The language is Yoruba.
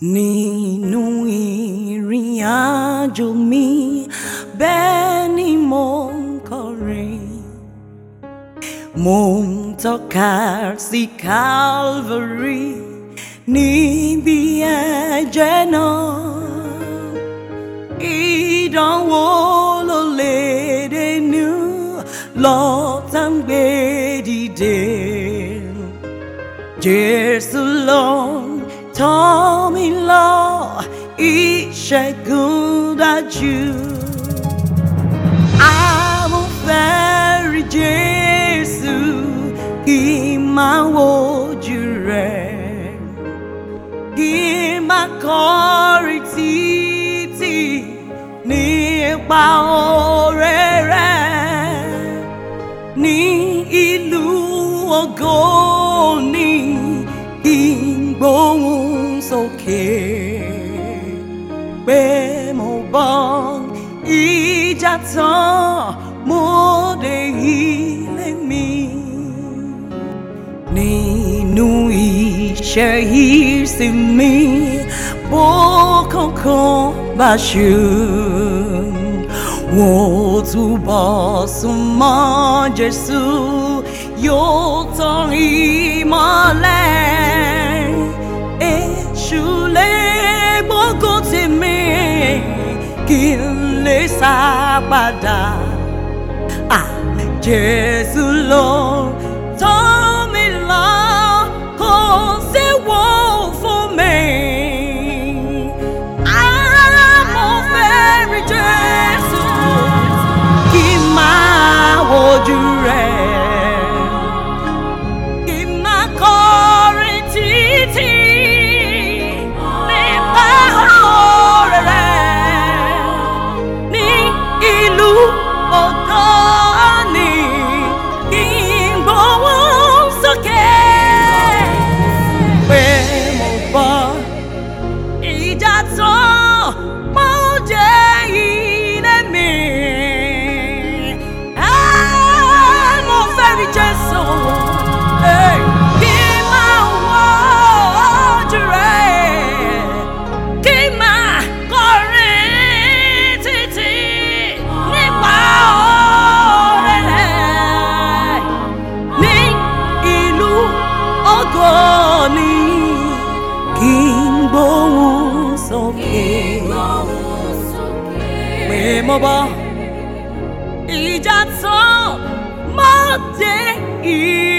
Nínú ìrìn mi beni ni mo ń kọrin. Mo ń tọ́ka sí Calvary ni ẹ̀jẹ̀ geno, Ìdánwò ló lè dénú lọ́tà ń gbé long time law is you. I'm a very Jesus in my world you in my authority nípa ọrẹ rẹ ní ìlú ògo ní ìgbóhùn care be mo bon i jatso mo de hile mi ni nu i she hears in me bo ko ko ba wo zu ba su ma jesu yo kini sá padà à ah, Jésù ló agony King Bones okay Memoba Ijatso Mate Ijatso